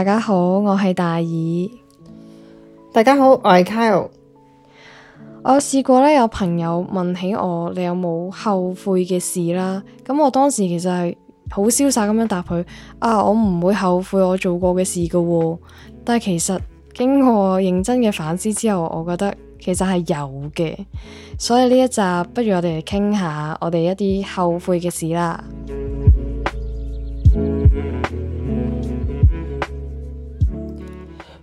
大家好，我係大耳。大家好，我係 Kyle。我試過咧，有朋友問起我，你有冇後悔嘅事啦？咁我當時其實係好瀟灑咁樣答佢啊，我唔會後悔我做過嘅事㗎。但係其實經過認真嘅反思之後，我覺得其實係有嘅。所以呢一集不如我哋嚟傾下我哋一啲後悔嘅事啦。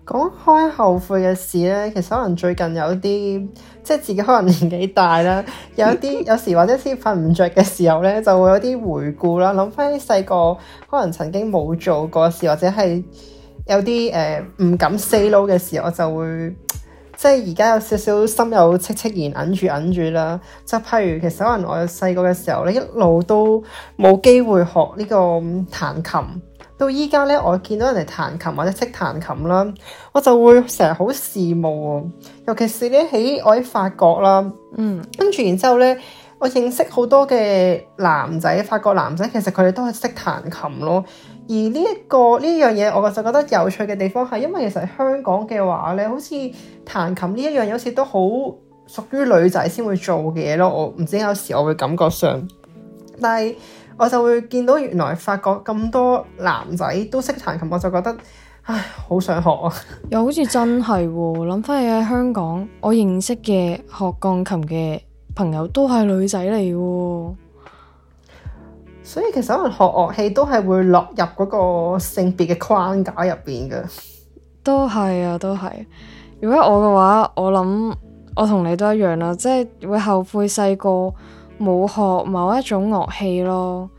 講開後悔嘅事呢，其實可能最近有啲，即係自己可能年紀大啦，有啲 有時或者先瞓唔着嘅時候呢，就會有啲回顧啦，諗翻啲細個可能曾經冇做過事，或者係有啲誒唔敢 say no 嘅事，我就會即係而家有少少心有戚戚戚然，忍住忍住啦。就譬如，其實可能我細個嘅時候咧，一路都冇機會學呢個彈琴。到依家咧，我見到人哋彈琴或者識彈琴啦，我就會成日好羨慕啊！尤其是咧喺我喺法國啦，嗯，跟住然之後咧，我認識好多嘅男仔，法國男仔其實佢哋都係識彈琴咯。而呢、這、一個呢樣嘢，我就覺得有趣嘅地方係，因為其實香港嘅話咧，好似彈琴呢一樣，好似都好屬於女仔先會做嘅嘢咯。我唔知有時我會感覺上，但係。我就會見到原來法國咁多男仔都識彈琴，我就覺得唉，好想學啊！又好似真係喎，諗翻 起喺香港，我認識嘅學鋼琴嘅朋友都係女仔嚟喎，所以其實我學樂器都係會落入嗰個性別嘅框架入邊嘅。都係啊，都係。如果我嘅話，我諗我同你都一樣啦，即係會後悔細個。冇學某一種樂器咯，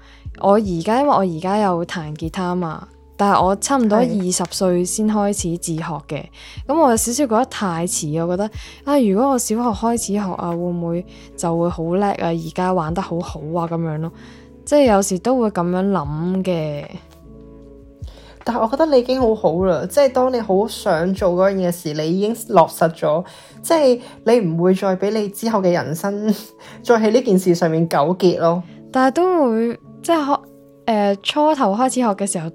我而家因為我而家有彈吉他嘛，但係我差唔多二十歲先開始自學嘅，咁的我有少少覺得太遲，我覺得啊，如果我小學開始學啊，會唔會就會好叻啊？而家玩得好好啊咁樣咯，即係有時都會咁樣諗嘅。但係我覺得你已經好好啦，即係當你好想做嗰樣嘢時，你已經落實咗。即係你唔會再俾你之後嘅人生 再喺呢件事上面糾結咯。但係都會即係學誒、呃，初頭開始學嘅時候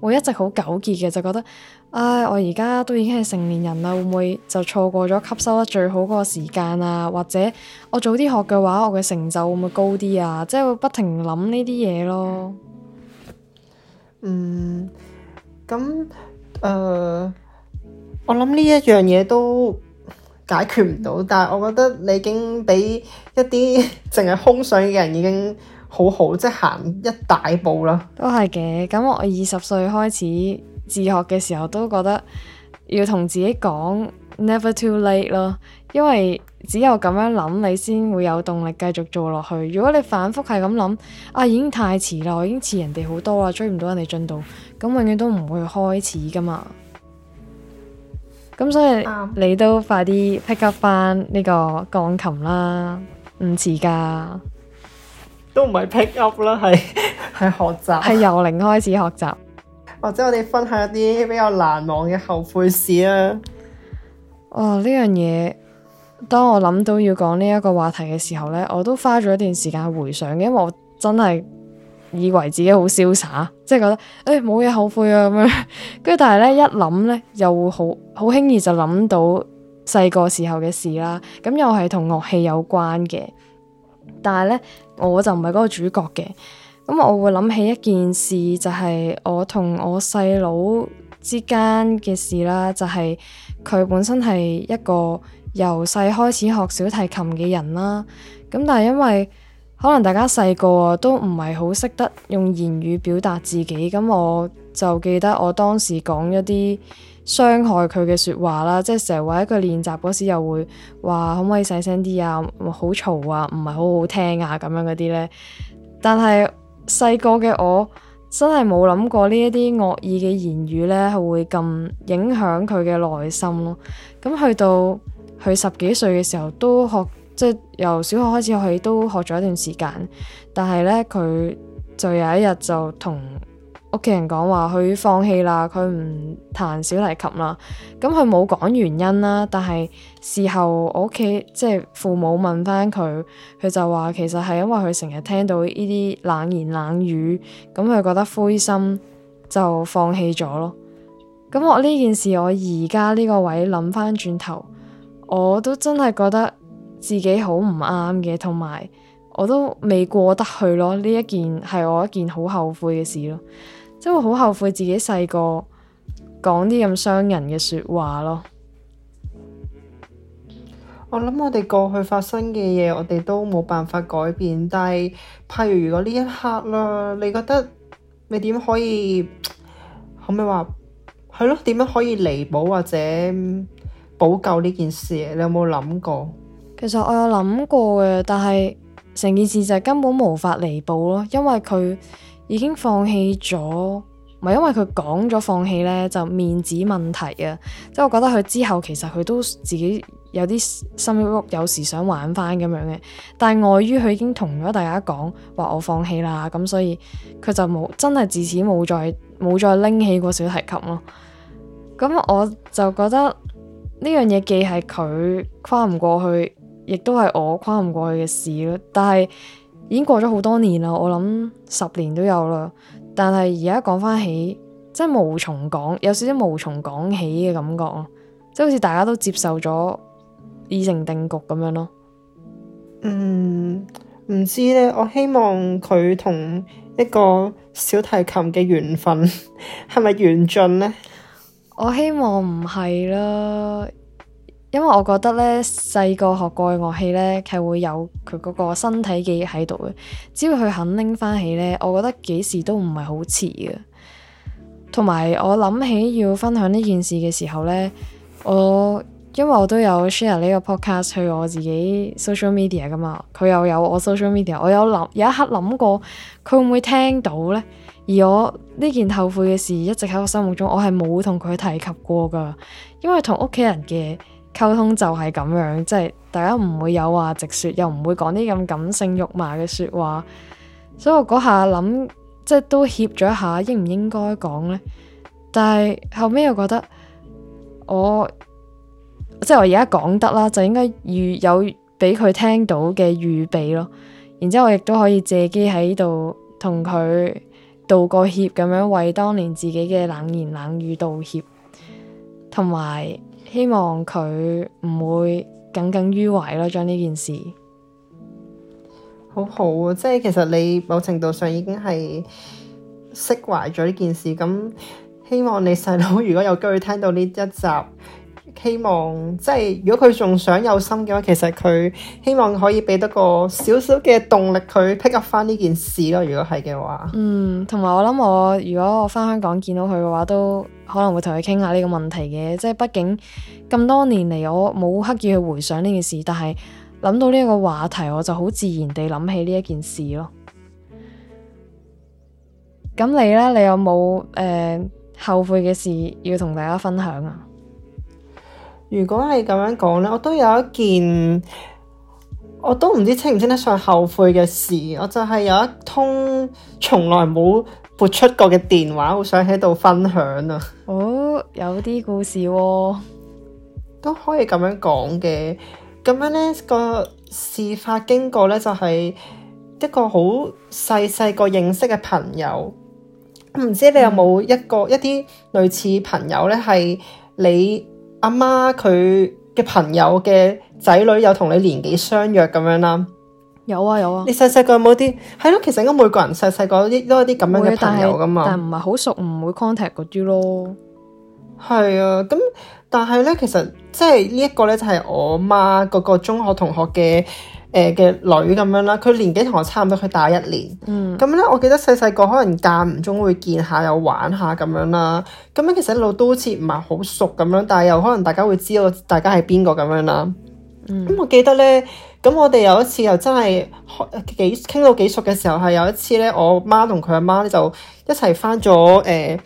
會一直好糾結嘅，就覺得唉、哎，我而家都已經係成年人啦，會唔會就錯過咗吸收得最好嗰個時間啊？或者我早啲學嘅話，我嘅成就會唔會高啲啊？即係會不停諗呢啲嘢咯。嗯，咁誒、呃，我諗呢一樣嘢都。解決唔到，但係我覺得你已經俾一啲淨係空想嘅人已經好好，即係行一大步囉。都係嘅，咁我二十歲開始自學嘅時候都覺得要同自己講 never too late 咯，因為只有咁樣諗你先會有動力繼續做落去。如果你反覆係咁諗啊，已經太遲啦，我已經遲人哋好多啦，追唔到人哋進度，咁永遠都唔會開始㗎嘛。咁所以你都快啲 pick up 翻呢個鋼琴啦，唔遲㗎，都唔係 pick up 啦，係係 學習，係由零開始學習，或者我哋分享一啲比較難忘嘅後悔事啦。哇、哦，呢樣嘢，當我諗到要講呢一個話題嘅時候呢，我都花咗一段時間回想，因為我真係。以為自己好瀟灑，即係覺得誒冇嘢後悔啊咁樣，跟住但係咧一諗咧又會好好輕易就諗到細個時候嘅事啦，咁又係同樂器有關嘅。但係咧我就唔係嗰個主角嘅，咁我會諗起一件事就係我同我細佬之間嘅事啦，就係佢本身係一個由細開始學小提琴嘅人啦，咁但係因為可能大家細個啊，都唔係好識得用言語表達自己，咁我就記得我當時講一啲傷害佢嘅說話啦，即係成日話喺佢練習嗰時又會話可唔可以細聲啲啊，好嘈啊，唔係好好聽啊，咁樣嗰啲呢，但係細個嘅我真係冇諗過呢一啲惡意嘅言語呢，係會咁影響佢嘅內心咯。咁去到佢十幾歲嘅時候，都學。即係由小學開始學，佢都學咗一段時間，但係咧佢就有一日就同屋企人講話，佢放棄啦，佢唔彈小提琴啦。咁佢冇講原因啦，但係事後我屋企即係父母問翻佢，佢就話其實係因為佢成日聽到呢啲冷言冷語，咁佢覺得灰心就放棄咗咯。咁我呢件事，我而家呢個位諗翻轉頭，我都真係覺得。自己好唔啱嘅，同埋我都未過得去咯。呢一件係我一件好後悔嘅事咯，即係我好後悔自己細個講啲咁傷人嘅說話咯。我諗我哋過去發生嘅嘢，我哋都冇辦法改變。但係，譬如如果呢一刻啦，你覺得你點可以，可唔可以話，係咯，點樣可以彌補或者補救呢件事？你有冇諗過？其實我有諗過嘅，但係成件事就根本無法彌補咯，因為佢已經放棄咗，唔係因為佢講咗放棄呢，就面子問題啊，即係我覺得佢之後其實佢都自己有啲心喐喐，有時想玩翻咁樣嘅，但係礙於佢已經同咗大家講話我放棄啦，咁所以佢就冇真係自此冇再冇再拎起過小提琴咯。咁我就覺得呢樣嘢既係佢跨唔過去。亦都係我跨唔過去嘅事咯，但係已經過咗好多年啦，我諗十年都有啦。但係而家講翻起，真係無從講，有少少無從講起嘅感覺咯，即係好似大家都接受咗已成定局咁樣咯。嗯，唔知咧，我希望佢同一個小提琴嘅緣分係 咪完盡呢？我希望唔係啦。因為我覺得咧，細個學過嘅樂器咧，係會有佢嗰個身體記憶喺度嘅。只要佢肯拎翻起咧，我覺得幾時都唔係好遲嘅。同埋我諗起要分享呢件事嘅時候咧，我因為我都有 share 呢個 podcast 去我自己 social media 噶嘛，佢又有我 social media，我有諗有一刻諗過佢會唔會聽到咧？而我呢件後悔嘅事一直喺我心目中，我係冇同佢提及過噶，因為同屋企人嘅。溝通就係咁樣，即係大家唔會有話直說，又唔會講啲咁感性肉麻嘅說話，所以我嗰下諗，即係都協咗一下，應唔應該講呢？但係後尾又覺得我即係我而家講得啦，就應該預有俾佢聽到嘅預備咯。然之後我亦都可以借機喺度同佢道個歉，咁樣為當年自己嘅冷言冷語道歉，同埋。希望佢唔會耿耿於懷囉，將呢件事好好，即係其實你某程度上已經係釋懷咗呢件事。咁希望你細佬，如果有機會聽到呢一集。希望即係如果佢仲想有心嘅話，其實佢希望可以俾得個少少嘅動力，佢 pick up 翻呢件事咯。如果係嘅話，嗯，同埋我諗，我如果我翻香港見到佢嘅話，都可能會同佢傾下呢個問題嘅。即係畢竟咁多年嚟，我冇刻意去回想呢件事，但係諗到呢一個話題，我就好自然地諗起呢一件事咯。咁你呢？你有冇誒、呃、後悔嘅事要同大家分享啊？如果係咁樣講呢，我都有一件，我都唔知稱唔稱得上後悔嘅事。我就係有一通從來冇撥出過嘅電話，好想喺度分享啊。哦，有啲故事、哦、都可以咁樣講嘅。咁樣呢，個事發經過呢，就係、是、一個好細細個認識嘅朋友，唔知你有冇一個、嗯、一啲類似朋友呢？係你。阿媽佢嘅朋友嘅仔女有同你年紀相若咁樣啦，啊，有啊小小有啊，你細細個有冇啲？係咯，其實應該每個人細細個啲都有啲咁樣嘅朋友噶嘛，啊、但係唔係好熟，唔會 contact 嗰啲咯。係啊，咁但係咧，其實即係呢一個咧，就係、係、我媽嗰個中學同學嘅，誒嘅、呃、女咁樣啦，佢年紀同我差唔多，佢大一年。嗯，咁樣咧，我記得細細個可能間唔中會見下又玩下咁樣啦。咁樣其實一路都好似唔係好熟咁樣，但係又可能大家會知道大家係邊個咁樣啦。嗯，咁我記得咧，咁我哋有一次又真係幾傾到幾熟嘅時候，係有一次咧，我媽同佢阿媽咧就一齊返咗誒。呃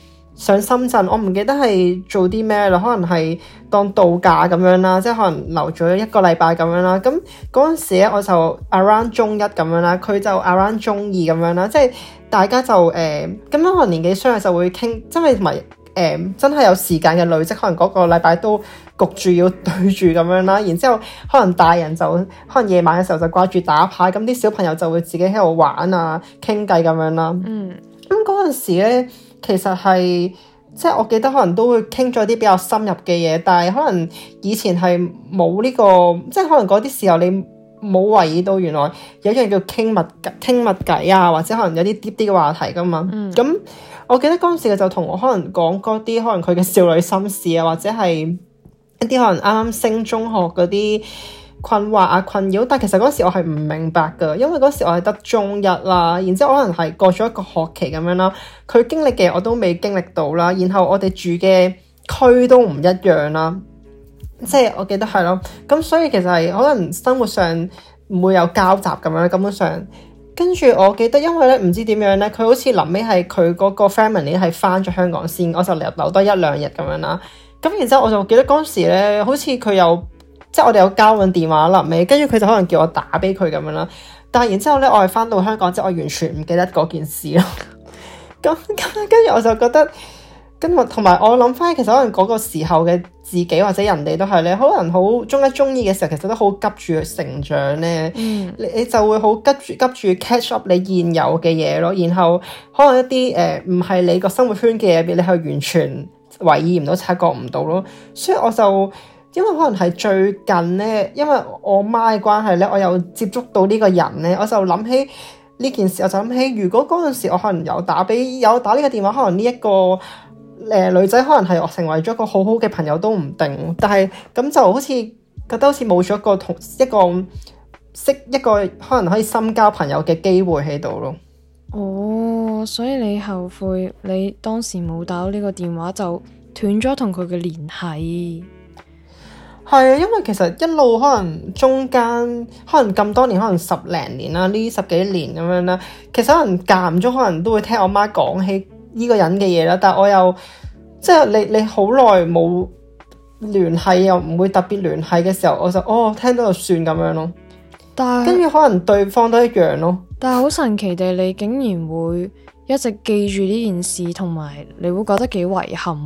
上深圳，我唔記得係做啲咩啦，可能係當度假咁樣啦，即係可能留咗一個禮拜咁樣啦。咁嗰陣時咧，我就 around 中一咁樣啦，佢就 around 中二咁樣啦，即係大家就誒咁樣，呃，可能年紀相近就會傾，因為同埋誒真係有時間嘅累積，即可能嗰個禮拜都焗住要對住咁樣啦。然之後可能大人就可能夜晚嘅時候就掛住打牌，咁啲小朋友就會自己喺度玩啊傾偈咁樣啦。嗯，咁嗰陣時咧。其實係即係我記得，可能都會傾咗啲比較深入嘅嘢，但係可能以前係冇呢個，即係可能嗰啲時候你冇為意到原來有一樣叫傾密傾密偈啊，或者可能有啲啲啲嘅話題㗎嘛。咁、嗯、我記得嗰陣時就同我可能講嗰啲可能佢嘅少女心事啊，或者係一啲可能啱啱升中學嗰啲，困惑啊，困擾，但其實嗰時我係唔明白嘅，因為嗰時我係得中一啦，然之後可能係過咗一個學期咁樣啦，佢經歷嘅我都未經歷到啦，然後我哋住嘅區都唔一樣啦，即係我記得係咯，咁所以其實係可能生活上唔會有交集咁樣根本上，跟住我記得因為咧唔知點樣咧，佢好似臨尾係佢嗰個 family 係返咗香港先，我就留留多一兩日咁樣啦，咁然之後我就記得嗰時咧，好似佢有。即係我哋有交換電話啦，尾，跟住佢就可能叫我打俾佢咁樣啦。但係然之後咧，我係翻到香港之後，我完全唔記得嗰件事咯。咁咁跟住我就覺得，跟住同埋我諗翻，其實可能嗰個時候嘅自己或者人哋都係咧，可能好中一中二嘅時候，其實都好急住去成長咧。你 你就會好急住急住 catch up 你現有嘅嘢咯，然後可能一啲誒唔係你個生活圈嘅嘢，你係完全懷疑唔到、察覺唔到咯。所以我就。因為可能係最近咧，因為我媽嘅關係咧，我又接觸到呢個人咧，我就諗起呢件事，我就諗起如果嗰陣時我可能有打俾有打呢個電話，可能呢、這、一個誒、呃、女仔可能係我成為咗一個好好嘅朋友都唔定。但係咁就好似覺得好似冇咗一個同一個識一個可能可以深交朋友嘅機會喺度咯。哦，所以你後悔你當時冇打呢個電話，就斷咗同佢嘅聯繫？係啊，因為其實一路可能中間可能咁多年，可能十零年啦，呢十幾年咁樣啦，其實可能間唔中可能都會聽我媽講起呢個人嘅嘢啦，但我又即係你你好耐冇聯繫又唔會特別聯繫嘅時候，我就哦聽到就算咁樣咯、嗯。但係跟住可能對方都一樣咯。但係好神奇地，你竟然會一直記住呢件事，同埋你會覺得幾遺憾。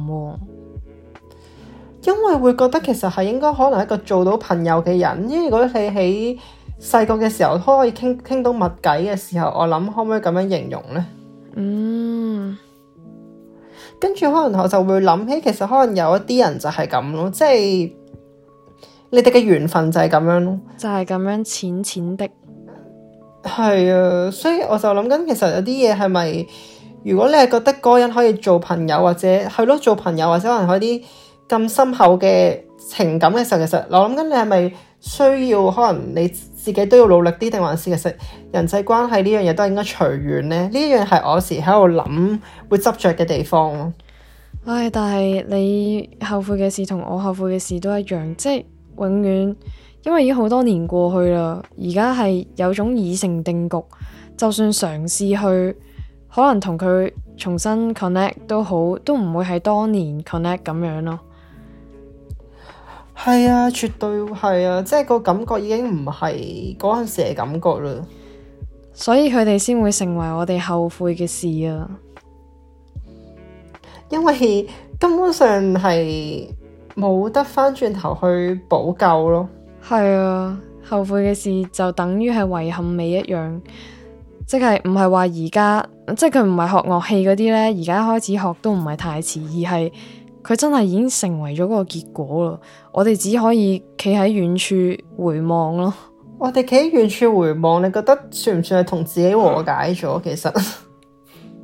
因為會覺得其實係應該可能一個做到朋友嘅人，因為如果你喺細個嘅時候可以傾傾到物偈嘅時候，我諗可唔可以咁樣形容呢？嗯，跟住可能我就會諗起，其實可能有一啲人就係咁咯，即係你哋嘅緣分就係咁樣咯，就係咁樣淺淺的。係啊，所以我就諗緊，其實有啲嘢係咪，如果你係覺得嗰個人可以做朋友，或者係咯做朋友，或者可能可以啲。咁深厚嘅情感嘅時候，其實我諗緊你係咪需要可能你自己都要努力啲，定還是其實人際關係呢樣嘢都應該隨緣咧？呢樣係我時喺度諗會執着嘅地方咯。唉，但係你後悔嘅事同我後悔嘅事都一樣，即係永遠，因為已經好多年過去啦。而家係有種已成定局，就算嘗試去可能同佢重新 connect 都好，都唔會係當年 connect 咁樣咯。係啊，絕對係啊，即係個感覺已經唔係嗰陣時嘅感覺啦，所以佢哋先會成為我哋後悔嘅事啊，因為根本上係冇得返轉頭去補救咯。係啊，後悔嘅事就等於係遺憾美一樣，即係唔係話而家，即係佢唔係學樂器嗰啲呢，而家開始學都唔係太遲，而係。佢真係已經成為咗個結果啦。我哋只可以企喺遠處回望咯。我哋企喺遠處回望，你覺得算唔算係同自己和解咗？其實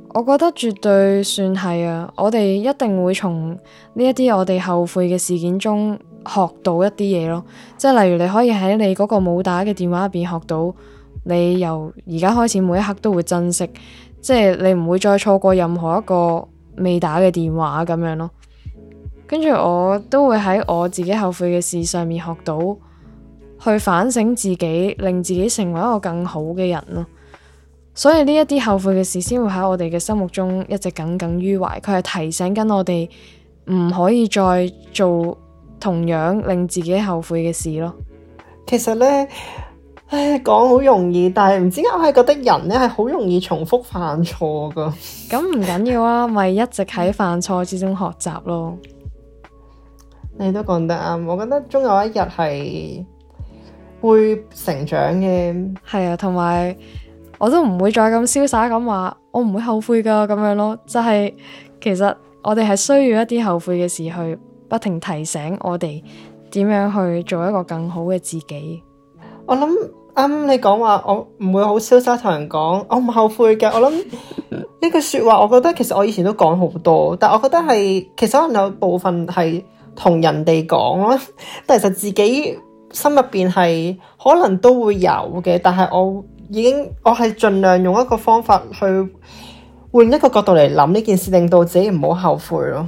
我覺得絕對算係啊。我哋一定會從呢一啲我哋後悔嘅事件中學到一啲嘢咯。即係例如你可以喺你嗰個冇打嘅電話入邊學到，你由而家開始每一刻都會珍惜，即係你唔會再錯過任何一個未打嘅電話咁樣咯。跟住我都會喺我自己後悔嘅事上面學到去反省自己，令自己成為一個更好嘅人咯。所以呢一啲後悔嘅事，先會喺我哋嘅心目中一直耿耿於懷。佢係提醒緊我哋唔可以再做同樣令自己後悔嘅事咯。其實呢，唉，講好容易，但係唔知點解我係覺得人呢係好容易重複犯錯噶。咁 唔緊要啊，咪、就是、一直喺犯錯之中學習咯。你都講得啱，我覺得終有一日係會成長嘅，係啊，同埋我都唔會再咁瀟灑咁話，我唔會後悔噶咁樣咯。就係、是、其實我哋係需要一啲後悔嘅事去不停提醒我哋點樣去做一個更好嘅自己。我諗啱、嗯、你講話，我唔會好瀟灑同人講，我唔後悔嘅。我諗呢句說話，我，我，我， 話我覺得其實我以前都講好多，但我覺得係其實可能有部分係。同人哋講咯，其實自己心入邊係可能都會有嘅，但係我已經我係盡量用一個方法去換一個角度嚟諗呢件事，令到自己唔好後悔咯。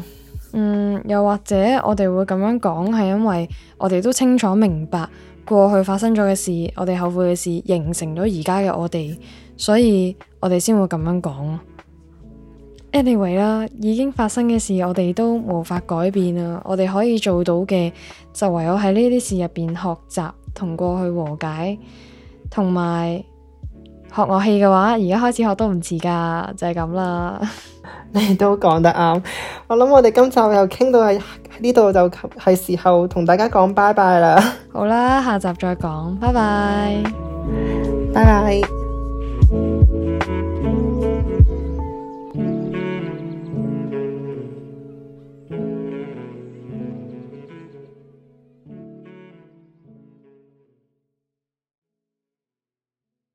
嗯，又或者我哋會咁樣講，係因為我哋都清楚明白過去發生咗嘅事，我哋後悔嘅事形成咗而家嘅我哋，所以我哋先會咁樣講。Anyway 啦，已經發生嘅事我哋都無法改變啊，我哋可以做到嘅就唯有喺呢啲事入邊學習同過去和解，同埋學樂器嘅話，而家開始學都唔遲噶，就係咁啦。你都講得啱，我諗我哋今集又傾到係呢度就係時候同大家講拜拜啦。好啦，下集再講，拜拜，拜拜。